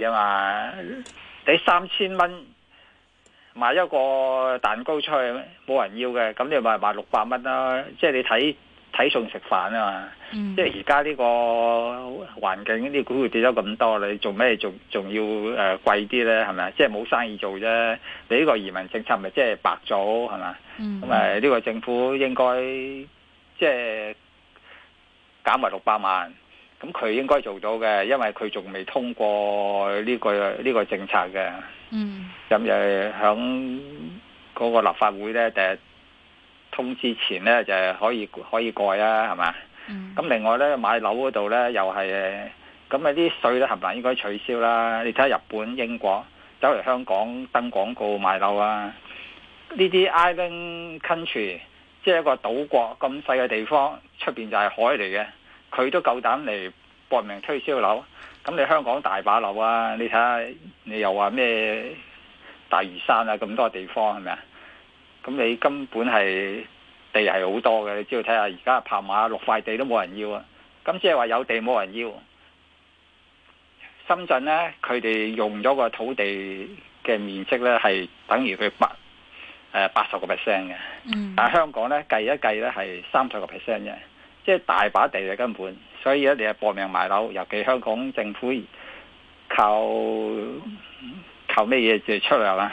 嘅嘛，你三千蚊賣一個蛋糕出去，冇人要嘅，咁你咪賣六百蚊啦。即係你睇睇餸食飯啊嘛。嗯、即係而家呢個環境，呢啲股票跌咗咁多，你做咩仲仲要誒貴啲咧？係咪啊？即係冇生意做啫。你呢個移民政策咪即係白做係嘛？咁啊，呢、嗯、個政府應該即係減為六百萬。咁佢應該做到嘅，因為佢仲未通過呢個呢個政策嘅。嗯。咁又係響嗰個立法會咧，誒通之前咧就係可以可以改啦，係嘛？嗯。咁另外咧買樓嗰度咧又係，咁啊啲稅咧係咪應該取消啦？你睇下日本、英國走嚟香港登廣告買樓啊！呢啲 Island Country 即係一個島國咁細嘅地方，出邊就係海嚟嘅，佢都夠膽嚟。搏命推銷樓，咁你香港大把樓啊！你睇下，你又話咩大嶼山啊，咁多地方係咪啊？咁你根本係地係好多嘅，你只要睇下而家拍馬六塊地都冇人要啊！咁即係話有地冇人要。深圳呢，佢哋用咗個土地嘅面積呢，係等於佢八誒八十個 percent 嘅，但係香港呢，計一計呢，係三十個 percent 嘅，即係大把地嘅根本。所以咧，你係搏命買樓，尤其香港政府靠靠咩嘢借出嚟啦？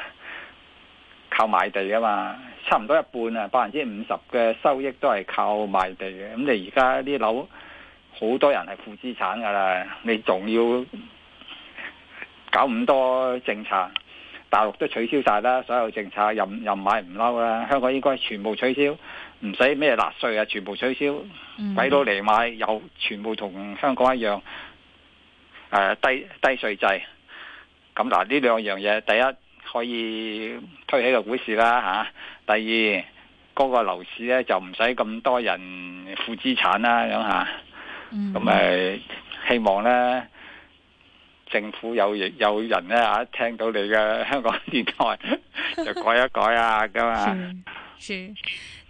靠賣地啊嘛，差唔多一半啊，百分之五十嘅收益都係靠賣地嘅。咁、嗯、你而家啲樓好多人係負資產㗎喇，你仲要搞咁多政策？大陸都取消晒啦，所有政策又任，任買唔嬲啦。香港應該全部取消。唔使咩納稅啊，全部取消，嗯、鬼佬嚟買又全部同香港一樣，誒、呃、低低稅制。咁嗱，呢兩樣嘢，第一可以推起個股市啦吓、啊，第二嗰、嗰個樓市咧就唔使咁多人負資產啦咁吓，咁咪、啊、希望咧政府有有人咧吓、啊、聽到你嘅香港電台 就改一改啊，咁啊。 嗯嗯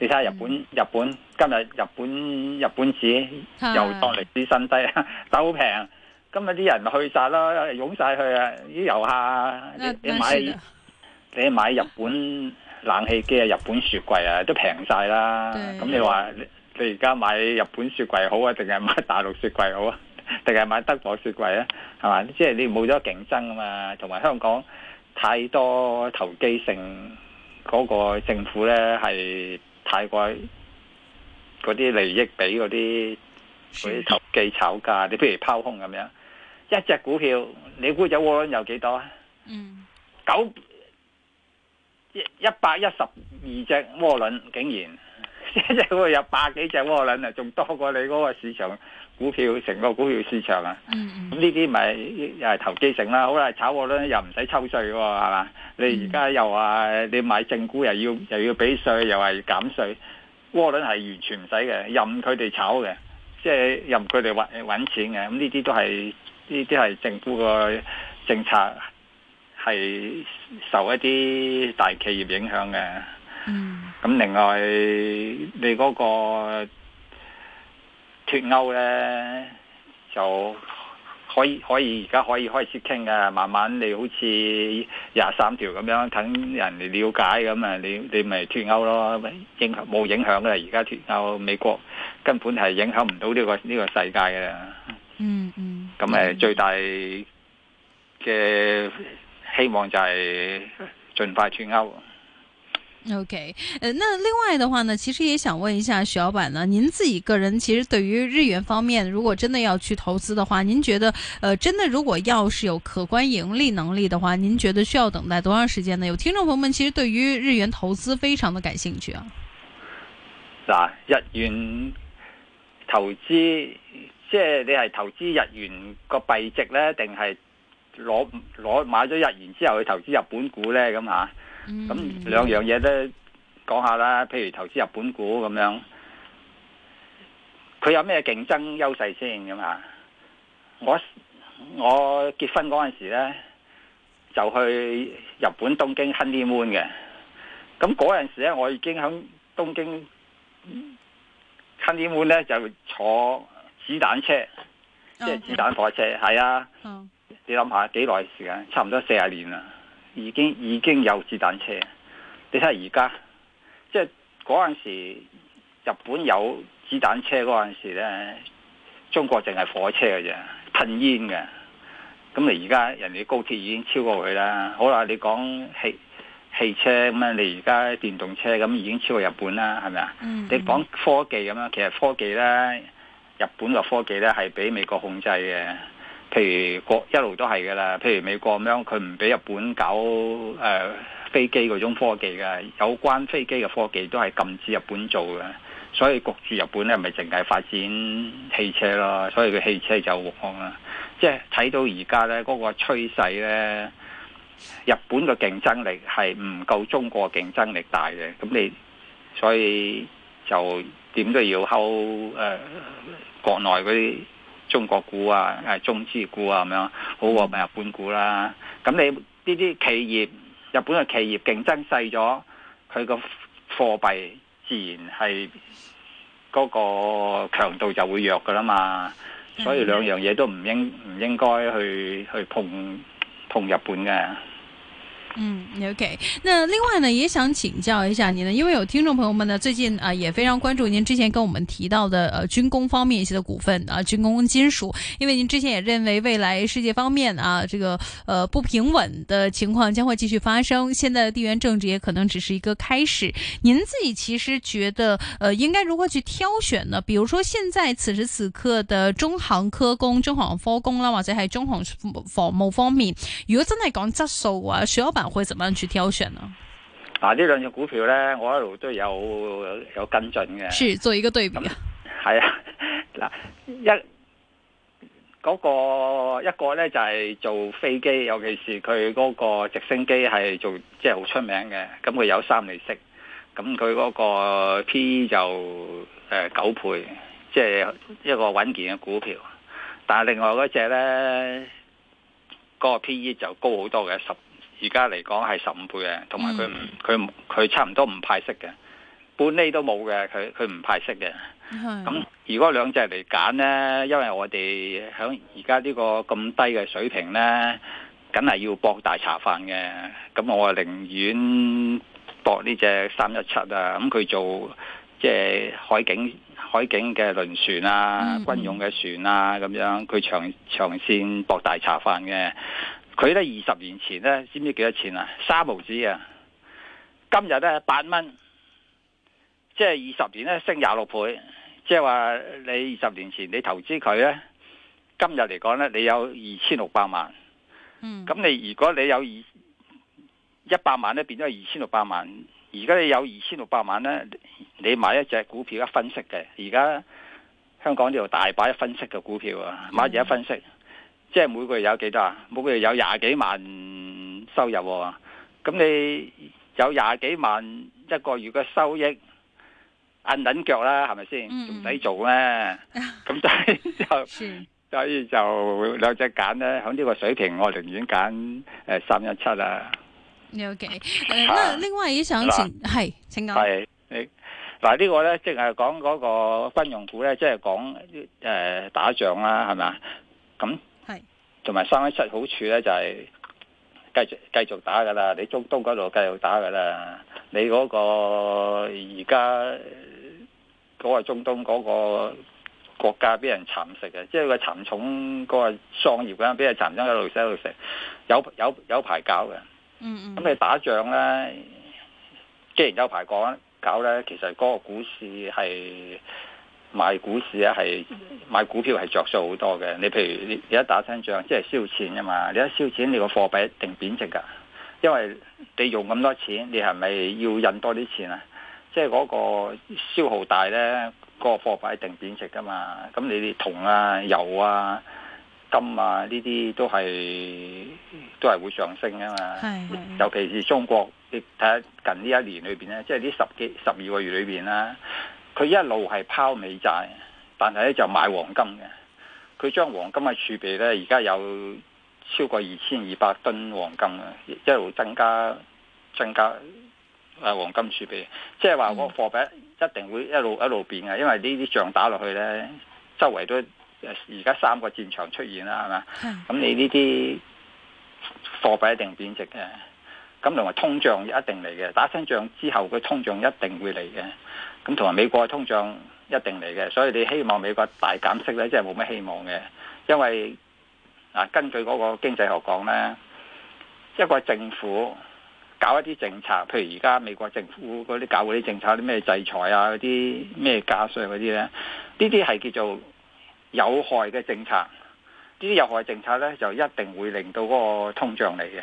你睇下日本，、嗯、日本，日本，日本今日日本日本市又當歷史新低，但好平。的今日啲人去晒啦，湧晒去啊！啲遊客，你買，你買日本冷氣機啊，日本雪櫃啊，都平晒啦。咁的你話，你而家買日本雪櫃好啊，定係買大陸雪櫃好啊？定係買德國雪櫃啊？係、就是、嘛？即係你冇咗競爭啊嘛，同埋香港太多投機性嗰個政府呢，係。太貴嗰啲利益俾嗰啲啲投機炒家，你不如拋空咁樣，一隻股票你估隻窩輪有幾多啊？嗯，九一百一十二隻窩輪，竟然 一隻都有百幾隻窩輪啊，仲多過你嗰個市場。股票成個股票市場啊，咁呢啲咪又係投機性啦，好啦，炒窩輪又唔使抽稅嘅係嘛？你而家又話你買正股又要又要俾稅，又係減稅，窩輪係完全唔使嘅，任佢哋炒嘅，即係任佢哋揾揾錢嘅。咁呢啲都係呢啲係政府個政策係受一啲大企業影響嘅。嗯，咁另外你嗰個。脫歐咧就可以可以而家可以開始傾嘅，慢慢你好似廿三條咁樣等人嚟了解咁啊，你你咪脫歐咯，影冇影響噶，而家脫歐美國根本係影響唔到呢個呢個世界嘅啦。嗯，嗯嗯，咁誒最大嘅希望就係盡快脫歐。OK，呃，那另外的話呢，其實也想問一下徐老闆呢，您自己個人其實對於日元方面，如果真的要去投資的話，您覺得，誒、呃，真的如果要是有可觀盈利能力的話，您覺得需要等待多長時間呢？有聽眾朋友們其實對於日元投資非常的感興趣啊。嗱、啊，日元投資，即係你係投資日元個幣值呢？定係攞攞買咗日元之後去投資日本股呢？咁吓？啊。咁兩、嗯嗯、樣嘢,都講下啦，譬如投資日本股咁樣，佢有咩競爭優勢先咁啊？我我結婚嗰陣時咧，就去日本東京 Honey Moon 嘅。咁嗰陣時咧，我已經喺東京 Honey Moon 咧就坐子彈車，即、就、係、是、子彈火車。係、嗯嗯、啊，嗯、你諗下幾耐時間？差唔多四十年啦。已經已經有子彈車，你睇下而家，即係嗰陣時日本有子彈車嗰陣時咧，中國淨係火車嘅啫，噴煙嘅。咁你而家人哋啲高鐵已經超過佢啦。好啦，你講汽汽車咁啊，你而家電動車咁已經超過日本啦，係咪啊？嗯、你講科技咁樣，其實科技呢，日本個科技呢，係畀美國控制嘅。譬如國一路都係噶啦，譬如美國咁樣，佢唔俾日本搞誒、呃、飛機嗰種科技嘅，有關飛機嘅科技都係禁止日本做嘅，所以焗住日本咧，咪淨係發展汽車咯，所以佢汽車就旺啦。即係睇到而家咧嗰個趨勢咧，日本嘅競爭力係唔夠中國競爭力大嘅，咁你所以就點都要靠誒、呃、國內嗰啲中國股啊，誒中資股啊咁樣好過入、就是、日本股啦。咁你呢啲企業，日本嘅企業競爭細咗，佢個貨幣自然係嗰個強度就會弱噶啦嘛。所以兩樣嘢都唔應唔應該去去碰碰日本嘅。嗯，OK。那另外呢，也想請教一下您呢，因為有聽眾朋友們呢，最近啊也非常關注您之前跟我們提到的，呃，軍工方面一些的股份啊，軍工金屬。因為您之前也認為未來世界方面啊，這個，呃，不平穩的情況將會繼續發生。現在的地緣政治也可能只是一個開始。您自己其實覺得，呃，應該如何去挑選呢？比如說現在此時此刻的中航科工、中航科工啦，或者係中航防務方面，如果真係講質素嘅話，上一會怎麼樣去挑選呢？嗱，呢兩隻股票咧，我一路都有有跟進嘅，是做一個對比。係啊，嗱，一嗰個一個咧就係做飛機，尤其是佢嗰個直升機係做即係好出名嘅，咁佢有三厘色，咁佢嗰個 PE 就誒九倍，即係一個穩健嘅股票。但係另外嗰隻咧，嗰個 PE 就高好多嘅，十。而家嚟講係十五倍啊，同埋佢佢佢差唔多唔派息嘅，半厘都冇嘅，佢佢唔派息嘅。咁的如果兩隻嚟揀呢，因為我哋喺而家呢個咁低嘅水平呢，梗係要博大茶飯嘅。咁我寧願博呢隻三一七啊，咁佢做即係、就是、海警海警嘅輪船啊，軍用嘅船啊，咁、嗯、樣佢長長線博大茶飯嘅。佢咧二十年前咧，知唔知幾多錢啊？三毫子啊！今日咧，八蚊，即係二十年咧升廿六倍。即係話你二十年前你投資佢咧，今日嚟講咧，你有二千六百萬。咁、嗯、你如果你有二一百萬咧，變咗二千六百萬。而家你有二千六百萬咧，你買一隻股票一分息嘅，而家香港呢度大把一分息嘅股票啊，買住一分息。嗯即係每個月有幾多啊？每個月有廿幾萬收入，咁你有廿幾萬一個月嘅收益，按捻腳啦，係咪先？唔使做咩？咁但係就，所以就兩隻揀咧，喺呢個水平，我寧願揀誒三一七啦。OK，誒，嗱，另外以上前係，請講。係，嗱呢個咧，即係講嗰個軍用股咧，即係講誒打仗啦，係咪？咁。同埋三一七好處咧，就係、是、繼續繼續打噶啦，你中東嗰度繼續打噶啦，你嗰個而家嗰個中東嗰個國家俾人蠶食嘅，即係個蠶蟲嗰個桑葉咁俾人蠶吞一路死喺度食，有有有排搞嘅。嗯咁你打仗咧，既然有排講搞咧，其實嗰個股市係。買股市啊，係買股票係着數好多嘅。你譬如你一打親仗，即係燒錢啊嘛。你一燒錢，你個貨幣一定貶值噶。因為你用咁多錢，你係咪要印多啲錢啊？即係嗰個消耗大咧，嗰個貨幣一定貶值噶嘛。咁你啲銅啊、油啊、金啊呢啲都係都係會上升噶嘛。是是尤其是中國，你睇下近呢一年裏邊咧，即係呢十幾十二個月裏邊啦。佢一路係拋美債，但係咧就買黃金嘅。佢將黃金嘅儲備咧，而家有超過二千二百噸黃金啊，一路增加增加啊黃金儲備。即係話個貨幣一定會一路一路變嘅，因為呢啲仗打落去咧，周圍都而家三個戰場出現啦，係嘛？咁、嗯、你呢啲貨幣一定貶值嘅。咁同埋通脹一定嚟嘅，打升仗之後，個通脹一定會嚟嘅。咁同埋美國嘅通脹一定嚟嘅，所以你希望美國大減息咧，即係冇咩希望嘅。因為啊，根據嗰個經濟學講咧，一個政府搞一啲政策，譬如而家美國政府嗰啲搞嗰啲政策，啲咩制裁啊，啲咩加稅嗰啲呢，呢啲係叫做有害嘅政策。呢啲有害政策呢，就一定會令到嗰個通脹嚟嘅。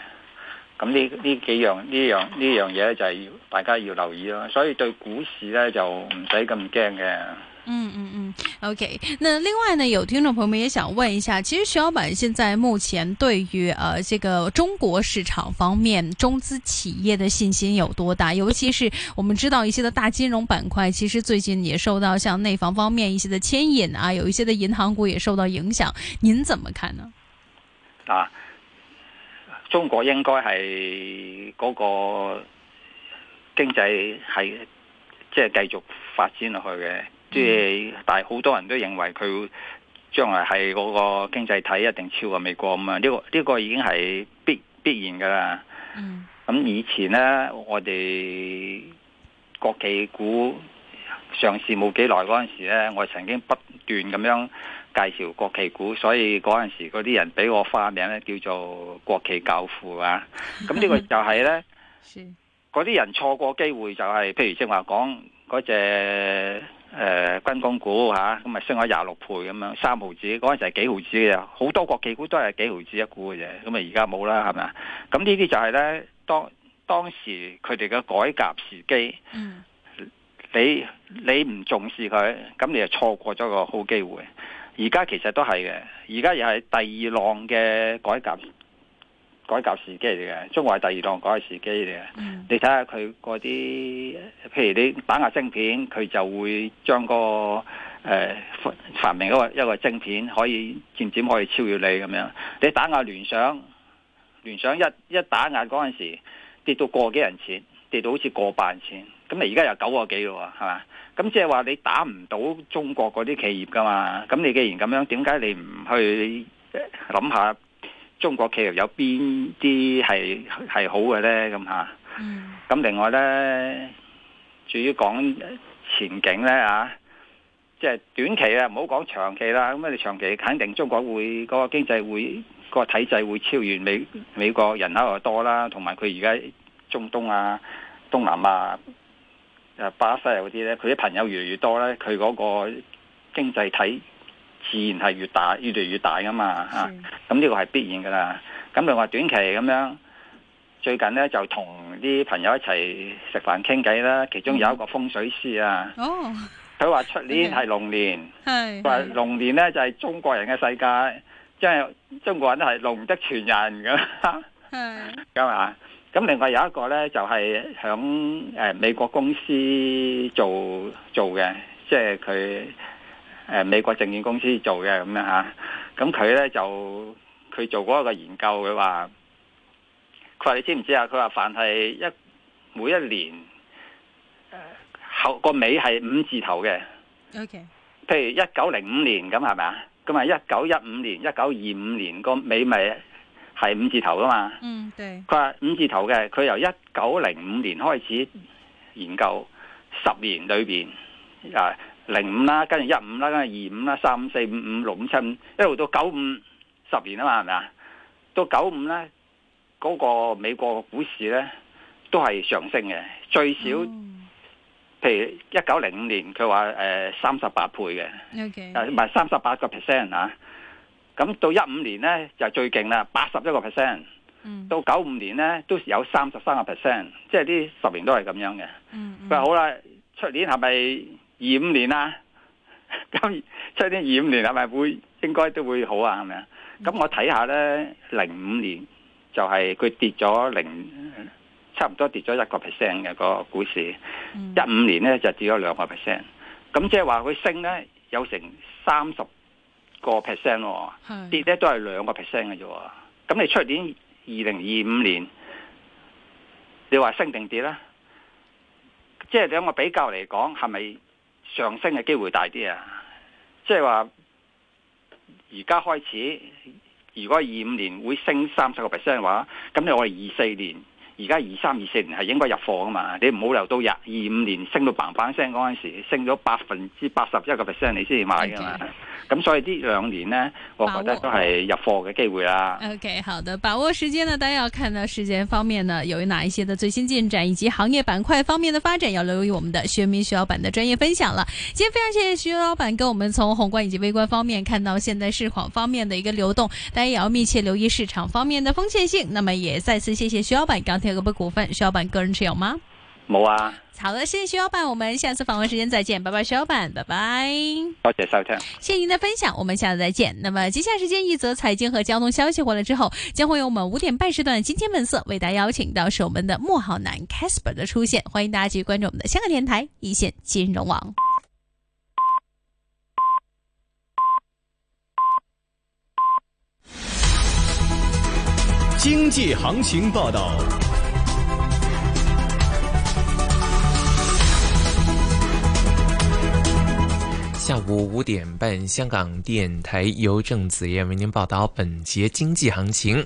咁呢呢幾樣呢樣呢樣嘢就係要大家要留意咯。所以對股市咧，就唔使咁驚嘅。嗯嗯嗯，OK。那另外呢，有聽眾朋友也想問一下，其實徐老闆現在目前對於誒、呃,這個中國市場方面中資企業的信心有多大？尤其是我們知道一些的大金融板塊，其實最近也受到像內房方面一些的牽引啊，有一些的銀行股也受到影響。您怎麼看呢？啊。中國應該係嗰個經濟係即係繼續發展落去嘅，但係好多人都認為佢將來係嗰個經濟體一定超過美國咁啊！呢、呢個呢、呢個已經係必必然噶啦。咁、嗯、以前呢，我哋國企股上市冇幾耐嗰陣時咧，我曾經不斷咁樣。介紹國企股，所以嗰陣時嗰啲人俾我花名咧，叫做國企教父啊。咁呢個就係咧，嗰啲人錯過機會就係、是，譬如即係話講嗰隻誒軍工股吓，咁、啊、咪升咗廿六倍咁樣，三毫子嗰陣時係幾毫子嘅，好多國企股都係幾毫子一股嘅啫。咁啊而家冇啦，係咪啊？咁呢啲就係咧當當時佢哋嘅改革時機、嗯，你你唔重視佢，咁你就錯過咗個好機會。而家其實都係嘅，而家又係第二浪嘅改革改革時機嚟嘅，中國係第二浪改革時機嚟嘅。嗯、你睇下佢嗰啲，譬如你打壓芯片，佢就會將、那個誒、呃、繁明一個一個晶片可以漸漸可以超越你咁樣。你打壓聯想，聯想一一打壓嗰陣時跌到個幾銀錢。跌到好似過百千，咁你而家有九個幾咯喎，係嘛？咁即係話你打唔到中國嗰啲企業噶嘛？咁你既然咁樣，點解你唔去諗下中國企業有邊啲係係好嘅呢？咁嚇。咁另外呢，至於講前景呢，啊，即係短期啊，唔好講長期啦。咁你長期肯定中國會、嗰個經濟會、嗰個體制會超越美美國，人口又多啦，同埋佢而家。中東，東啊，東南亞、啊、誒巴西嗰啲咧，佢啲朋友越嚟越多咧，佢嗰個經濟體自然係越大，越嚟越大噶嘛嚇。咁呢是、啊嗯這個係必然噶啦。咁另外短期咁樣，最近咧就同啲朋友一齊食飯傾偈啦。其中有一個風水師啊，佢話出年係龍年，佢話龍年咧就係中國人嘅世界，即、就、係、是、中國人都係龍的傳人咁咁啊。咁另外有一個咧，就係響誒美國公司做做嘅，即係佢誒美國證券公司做嘅咁樣吓。咁佢咧就佢做過一個研究，佢話佢話你知唔知啊？佢話凡係一每一年誒後個尾係五字頭嘅，OK。譬如一九零五年咁係咪啊？咁啊一九一五年、一九二五年個尾咪。係五字頭噶嘛？嗯，對，佢話五字頭嘅，佢由一九零五年開始研究，嗯、十年裏邊，啊零五啦，跟住一五啦，跟住二五啦，三五四五五六五七五，3, 4, 5, 6, 5, 7, 5, 一路到九五十年啊嘛，係咪啊？到九五咧，嗰，那個美國股市咧都係上升嘅，最少，哦、譬如一九零五年，佢話誒三十八倍嘅，啊唔係三十八個 percent 啊。咁到一五年咧就是、最勁啦，八十一個 percent。嗯、到九五年咧都有三十三個 percent，即係啲十年都係咁樣嘅。佢話、嗯嗯、好啦，出年係咪二五年啊？咁 出年二五年係咪會應該都會好啊？係咪啊？咁、嗯、我睇下咧，零五年就係、是、佢跌咗零差唔多跌咗一個 percent 嘅個股市。一五、嗯、年咧就跌咗兩個 percent。咁即係話佢升咧有成三十。個 percent 咯，是跌咧都係兩個 percent 嘅啫。咁你出年二零二五年，你話升定跌咧？即係兩個比較嚟講，係咪上升嘅機會大啲啊？即係話而家開始，如果二五年會升三十個 percent 嘅話，咁你話我哋二四年？而家二三二四年係應該入貨噶嘛？你唔好留到廿二五年升到棒棒聲嗰陣時，升咗百分之八十一個 percent 你先至買噶嘛？咁 Okay. 所以呢兩年呢，我覺得都係入貨嘅機會啦。OK，好的，把握時間呢？大家要看到時間方面呢，由於哪一些的最新進展，以及行業板塊方面的發展，要留意我們的徐潤民徐老闆的專業分享啦。今日非常謝謝徐老闆跟我們從宏觀以及微觀方面，看到現在市況方面的一個流動，大家也要密切留意市場方面的風險性。那麼也再次謝謝徐老闆剛。天格部股份，需要辦個人持有嗎？冇啊。好的，謝謝徐老闆。我們下次訪問時間再見，拜拜，徐老闆，拜拜。多謝收聽，謝謝您的分享，我們下次再見。那麼，接下來時間一則財經和交通消息過了之後，將會由我們五點半時段的今天本色為大家邀請到是我們的莫浩南 Casper 的出現，歡迎大家繼續關注我們的香港電台一線金融網經濟行情報道。下午五點半，香港電台《郵政子夜》為您報道本節經濟行情。